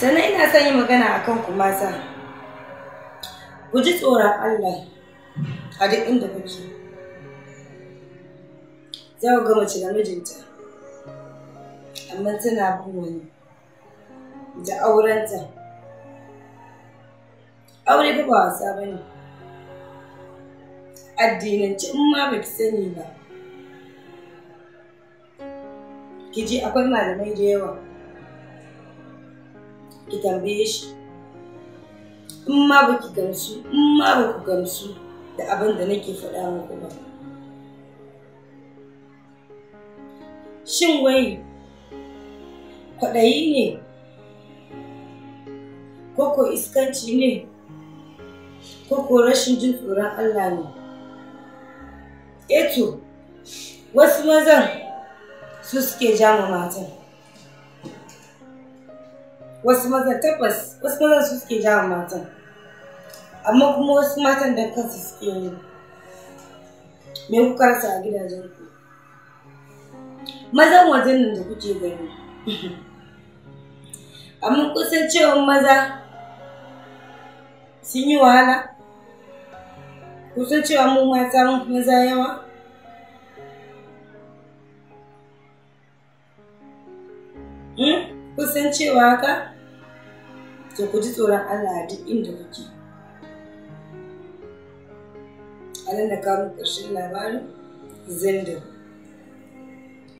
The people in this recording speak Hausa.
sannan ina son yin magana a kanku mata ku ji tsoron allah a duk inda kuke za ku ga mace da mijinta amma tana da aurenta aure fa ba wasa ba ne addinance in ma ba ki sani ba ki ji akwai malamai da yawa ki tambaye shi in ma ba ki gamsu in ma ba ku gamsu da abin da nake faɗa muku ba shin wai kwaɗayi ne koko iskanci ne koko rashin jin tsoron Allah ne eto eh wasu mazan su suke jama matan wasu maza tabbas wasu maza su suke jawo matan amma kuma wasu matan da kansu suke yi mai kuka a gidajen ku mazan wajen nan da kuke gani amma kusan cewa maza sun yi wahala kusan cewa mu mata maza yawa kusan cewa ka to ku ji tsoron Allah duk inda kuke a nan da kamun ƙarshen labarin zindin